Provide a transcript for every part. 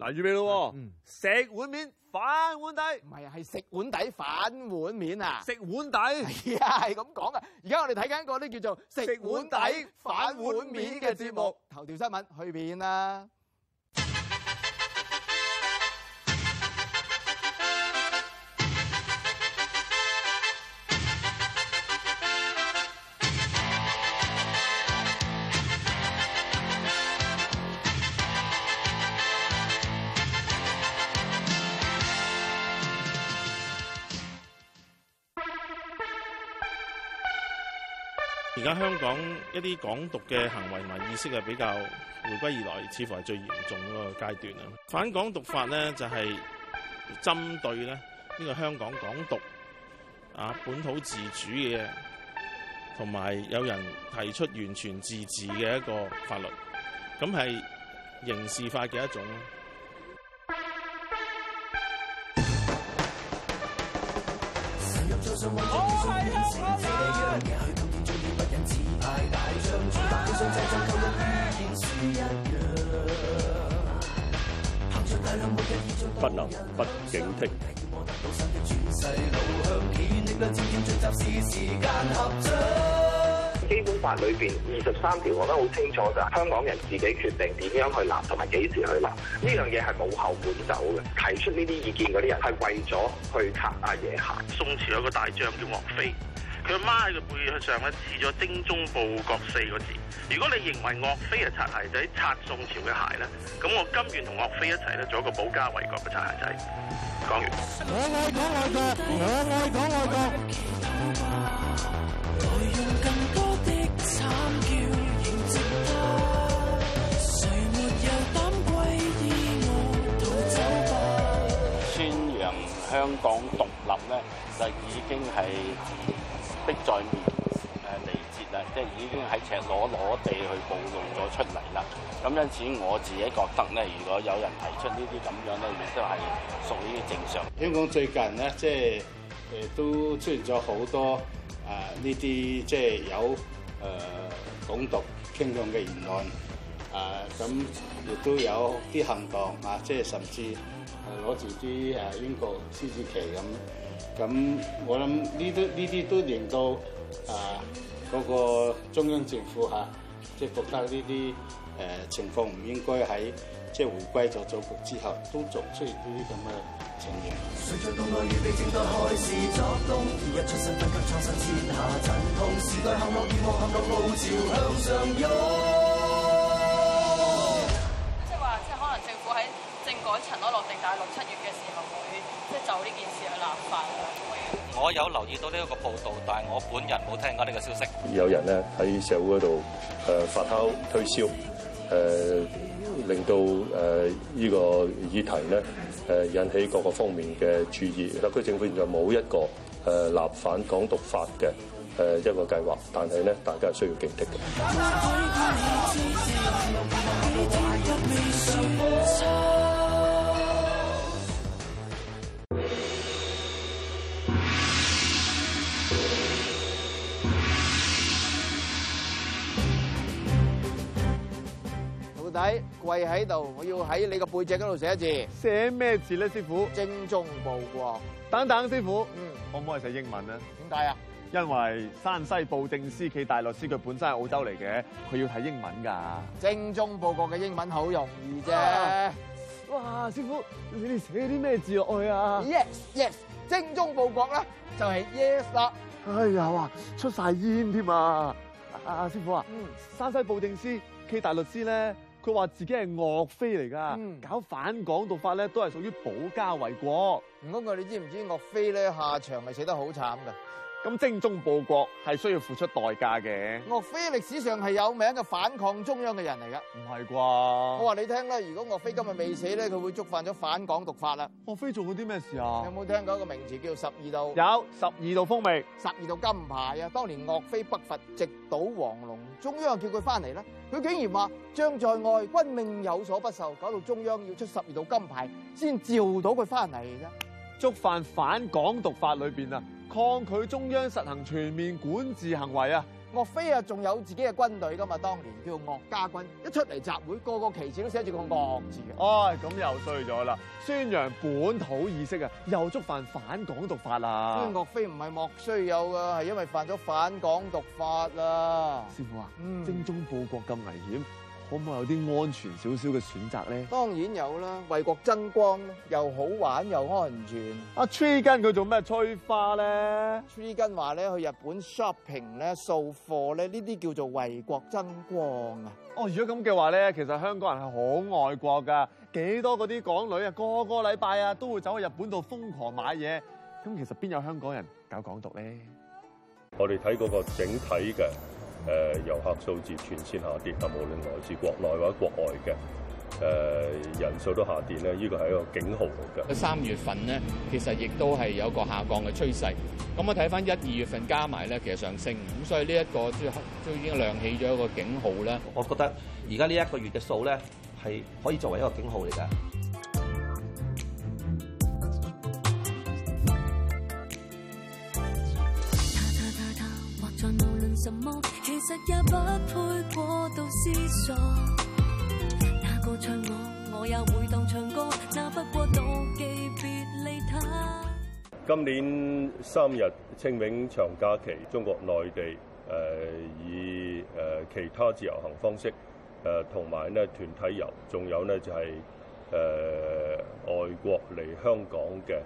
嗱，預備啦、嗯！食碗面反碗底，唔係啊，係食碗底反碗面啊！食碗底，係咁講嘅。而家我哋睇緊一個咧叫做食碗底反碗面嘅節，節目。頭條新聞去片啦、啊！而家香港一啲港獨嘅行為同埋意識，係比較回歸以來似乎係最嚴重嗰個階段啊。反港獨法咧就係針對咧呢個香港港獨啊本土自主嘅，同埋有人提出完全自治嘅一個法律，咁係刑事法嘅一種。不能不警惕。基本法裏邊二十三條講得好清楚就㗎，香港人自己決定點樣去立，同埋幾時去立。呢樣嘢係冇後門走嘅。提出呢啲意見嗰啲人係為咗去擦阿爺鞋。宋朝有個大將叫岳飛。佢媽喺佢背上咧，刺咗「精忠報國」四個字。如果你認為岳飛係擦鞋仔擦宋朝嘅鞋咧，咁我甘願同岳飛一齊咧做一個保家衛國嘅擦鞋仔。講完。香港獨立咧，就已經係迫在眉誒眉睫啦，即係已經喺赤裸裸地去暴露咗出嚟啦。咁因此，我自己覺得咧，如果有人提出呢啲咁樣咧，亦都係屬於正常。香港最近咧，即係亦都出現咗好多啊呢啲即係有誒、呃、港獨傾向嘅言論啊，咁亦都有啲行動啊，即係甚至。攞住啲英國獅子旗咁，咁我諗呢呢啲都令到嗰、啊、個中央政府即係、啊、覺得呢啲、呃、情況唔應該喺即係回歸咗祖國之後都做出呢啲咁嘅情形出下時代見向上湧。六七月嘅時候會即係就呢件事去立法嘅會，我有留意到呢一個報道，但係我本人冇聽過呢個消息。有人咧喺社會嗰度誒發酵推銷，誒令到誒呢個議題咧誒引起各個方面嘅注意。特區政府現在冇一個誒立反港獨法嘅誒一個計劃，但係咧大家係需要警惕嘅。跪喺度，我要喺你個背脊嗰度寫字。寫咩字咧，師傅？精忠報國。等等，師傅。嗯。可唔可以寫英文啊？點解啊？因為山西布政司 K 大律師佢本身係澳洲嚟嘅，佢要睇英文噶。精忠報國嘅英文好容易啫，啊。哇，師傅，你哋寫啲咩字落去啊？Yes，Yes，精忠報國咧就係、是、Yes 啦。哎呀，哇，出晒煙添啊！啊，師傅啊，山西布政司 K 大律師咧。佢話自己係岳飛嚟，嗯，搞反港獨法呢都係屬於保家衛國。不過你知唔知道岳飛呢下場係死得好慘？咁精忠報國係需要付出代價嘅。岳飛歷史上係有名嘅反抗中央嘅人嚟噶，唔係啩？我話你聽啦，如果岳飛今日未死咧，佢會觸犯咗反港獨法啦。岳飛做過啲咩事啊？你有冇聽過一個名詞叫做「十二道」有？有十二道風味，十二道金牌啊！當年岳飛北伐，直搗黃龍，中央又叫佢翻嚟啦，佢竟然話將在外，君命有所不受，搞到中央要出十二道金牌先召到佢翻嚟啫。觸犯反港獨法裏邊啊！抗拒中央實行全面管治行為啊！岳飛啊，仲有自己嘅軍隊㗎嘛？當年叫岳家軍，一出嚟集會，個個旗子都寫住個岳字啊。唉、哦，咁、哎、又衰咗啦！宣揚本土意識啊，又觸犯反港獨法啦！岳飛唔係莫須有啊，係因為犯咗反港獨法啦。師父啊，精、嗯、忠報國咁危險。可唔可以有啲安全少少嘅選擇咧？當然有啦，為國爭光，又好玩又安全。阿 Tree 根佢做咩吹花咧？Tree 根話咧，去日本 shopping 咧，掃貨咧，呢啲叫做為國爭光啊！哦，如果咁嘅話咧，其實香港人係好愛國噶，幾多嗰啲港女啊，個個禮拜啊都會走去日本度瘋狂買嘢，咁其實邊有香港人搞港獨咧？我哋睇嗰個整體嘅。誒、呃、遊客數字全線下跌，啊，無論來自國內或者國外嘅誒、呃、人數都下跌咧，呢個係一個警號嚟嘅。三月份咧，其實亦都係有個下降嘅趨勢。咁我睇翻一二月份加埋咧，其實上升。咁所以呢一個即係都已經亮起咗一個警號咧。我覺得而家呢一個月嘅數咧，係可以作為一個警號嚟㗎。打打打打打打今年三日清明長假期，中國內地誒、呃、以誒、呃、其他自由行方式誒同埋呢團體遊，仲、呃、有呢，有呢就係、是、誒、呃、外國嚟香港嘅誒、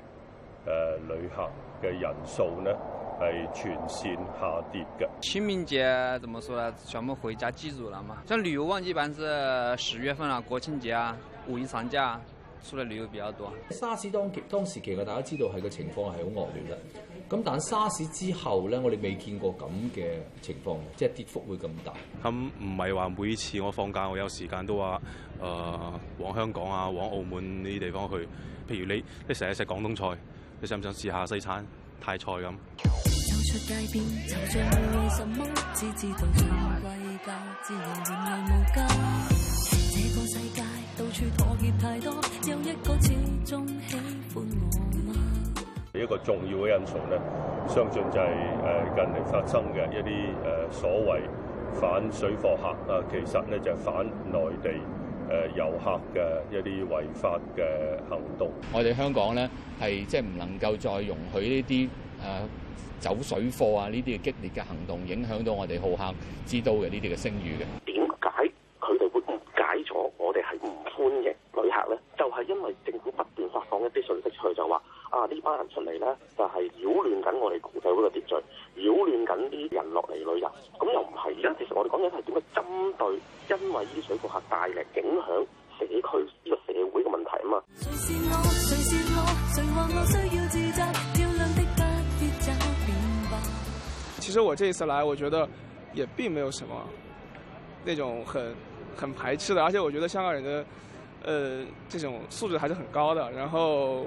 呃、旅行嘅人數呢？係全線下跌嘅。清明節，怎麼說咧？全部回家祭祖啦嘛。像旅遊旺季，一般是十月份啊，國慶節啊，五一長假，出來旅游比較多。s 沙士 s 當當時其實大家知道係個情況係好惡劣啦。咁但沙士之後咧，我哋未見過咁嘅情況，即係跌幅會咁大。咁唔係話每次我放假我有時間都話，誒、呃，往香港啊，往澳門呢啲地方去。譬如你，你成日食廣東菜，你想唔想試下西餐？太菜咁。呢一個重要嘅因素咧，相信就係近年發生嘅一啲所謂反水貨客啊，其實咧就係反內地。誒、呃、遊客嘅一啲違法嘅行動，我哋香港咧係即係唔能夠再容許呢啲誒走水貨啊呢啲嘅激烈嘅行動，影響到我哋好客之都嘅呢啲嘅聲譽嘅。翻人出嚟咧，就係擾亂緊我哋國際社會嘅秩序，擾亂緊啲人落嚟旅遊。咁又唔係，而家其實我哋講緊係點解針對，因為呢啲水貨客帶嚟影響社區呢個社會嘅問題啊嘛。其實我這一次來，我覺得也並沒有什麼，那種很很排斥的，而且我覺得香港人的，呃，這種素質還是很高的。然後。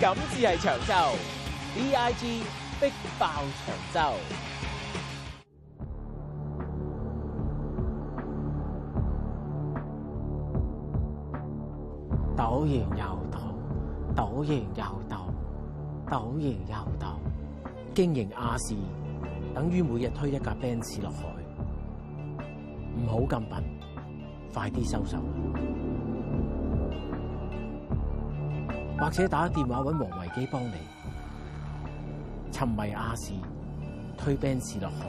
咁至係長洲 VIG，BIG 逼爆長洲，倒完又倒，倒完又倒，倒完又倒，經營亞視等於每日推一架 benz 落去，唔好咁笨，快啲收手。或者打電話揾王維基幫你，沉迷亞視推 bands 落海。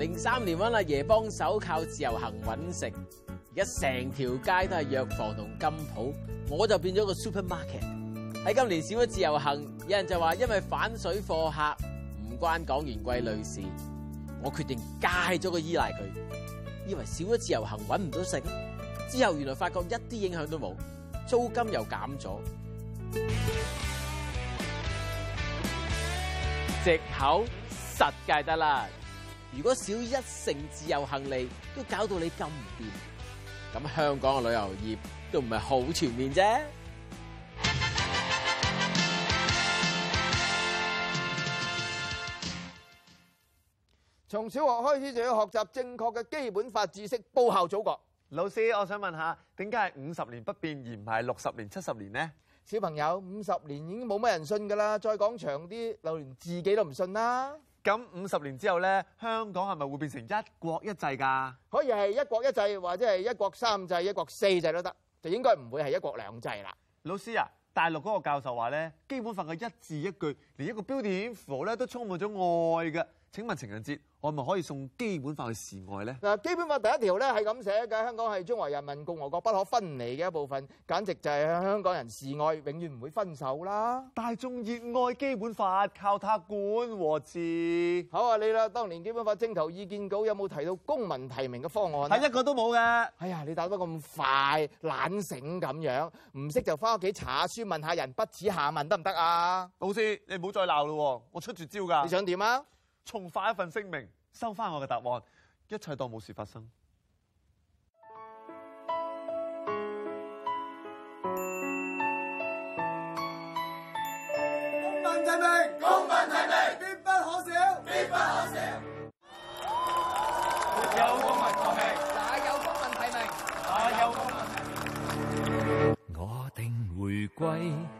零三年揾阿爺幫手靠自由行揾食，而家成條街都係藥房同金鋪，我就變咗個 supermarket。喺今年少咗自由行，有人就話因為反水貨客，唔關港元貴女士。我決定戒咗個依賴佢。.以為少咗自由行揾唔到食，之後原來發覺一啲影響都冇，租金又減咗，借口實界得啦。如果少一成自由行李都搞到你咁唔掂，咁香港嘅旅遊業都唔係好全面啫。從小學開始就要學習正確嘅基本法知識，報效祖國。老師，我想問下，點解係五十年不變而唔係六十年、七十年呢？小朋友，五十年已經冇乜人信噶啦，再講長啲，就連自己都唔信啦。咁五十年之後咧，香港係咪會變成一國一制噶？可以係一國一制，或者係一國三制、一國四制都得，就應該唔會係一國兩制啦。老師啊，大陸嗰個教授話咧，基本法嘅一字一句，連一個標點符號咧，都充滿咗愛噶。請問情人節，我咪可以送基本法去示愛呢？基本法第一條呢是係咁寫嘅，香港係中華人民共和國不可分離嘅一部分，簡直就係香港人示愛，永遠唔會分手啦！大眾熱愛基本法，靠他管和治。好啊，你啦，當年基本法徵求意見稿有冇有提到公民提名嘅方案？係一個都冇嘅。哎呀，你打得咁快，懶醒咁樣，唔識就返屋企查書問下人，不恥下問得唔得啊？老師，你唔好再鬧喇喎，我出絕招㗎！你想點啊？重發一份聲明，收翻我嘅答案，一切當冇事發生。公有公民提名，我定回歸。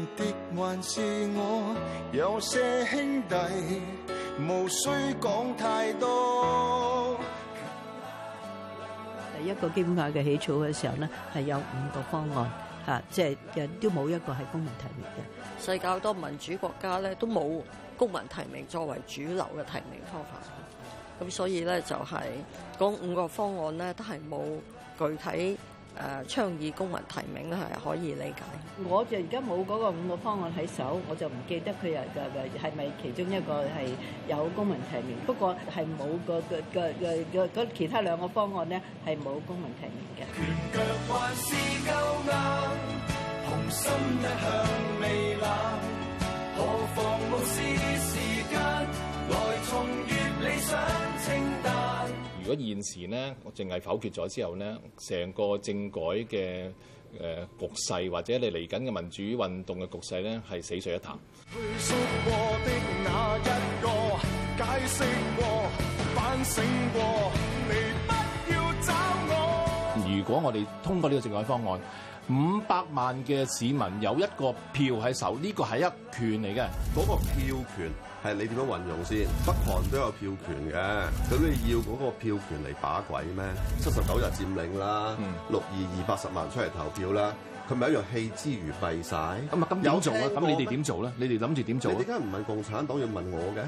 還是我有些兄弟，無需講太多。第一個基本法嘅起草嘅時候咧，係有五個方案，吓，即係亦都冇一個係公民提名嘅。世界多民主國家咧，都冇公民提名作為主流嘅提名方法。咁所以咧，就係嗰五個方案咧，都係冇具體。誒倡議公民提名咧係可以理解，我就而家冇嗰個五個方案喺手，我就唔記得佢又嘅嘅係咪其中一個係有公民提名，不過係冇個個個個嗰其他兩個方案咧係冇公民提名嘅。如果現時咧，我淨係否決咗之後咧，成個政改嘅誒局勢，或者你嚟緊嘅民主運動嘅局勢咧，係死水一潭。如果我哋通過呢個政改方案，五百萬嘅市民有一個票係投，呢、這個係一權嚟嘅。嗰、那個票權係你點樣運用先？北韓都有票權嘅，咁你要嗰個票權嚟把鬼咩？七十九日佔領啦，六二二，八十萬出嚟投票啦，佢咪一樣棄之如敝屣。咁啊，咁有做啊？咁你哋點做咧？你哋諗住點做？你而家唔問共產黨，要問我嘅。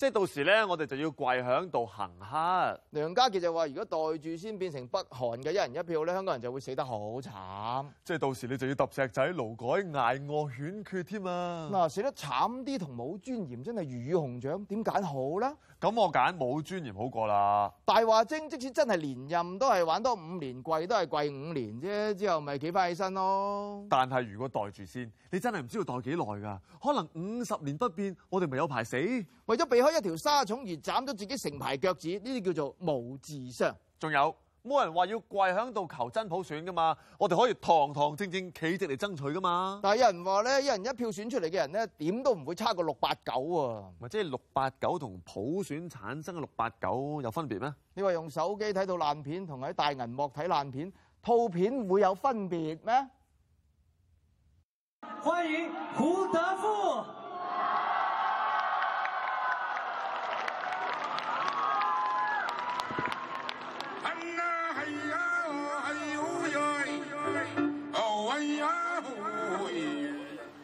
即係到時咧，我哋就要跪響度行乞。梁家傑就話：如果袋住先變成北韓嘅一人一票咧，香港人就會死得好慘。即係到時你就要揼石仔、勞改、挨餓、犬缺添啊，啊！嗱，死得慘啲同冇尊嚴，真係魚與熊掌，點揀好咧？咁我揀冇尊嚴好過啦。大話精即使真係連任，都係玩多五年，跪都係跪五年啫，之後咪企翻起身咯。但係如果袋住先，你真係唔知道要待幾耐㗎？可能五十年不變，我哋咪有排死。為咗避開一條沙蟲而斬咗自己成排腳趾，呢啲叫做無智商還。仲有，冇人話要跪響度求真普選噶嘛？我哋可以堂堂正正企直嚟爭取噶嘛？但係有人話咧，一人一票選出嚟嘅人咧，點都唔會差過六八九喎。或者係六八九同普選產生嘅六八九有分別咩？你話用手機睇到爛片同喺大銀幕睇爛片，套片會有分別咩？歡迎胡德夫。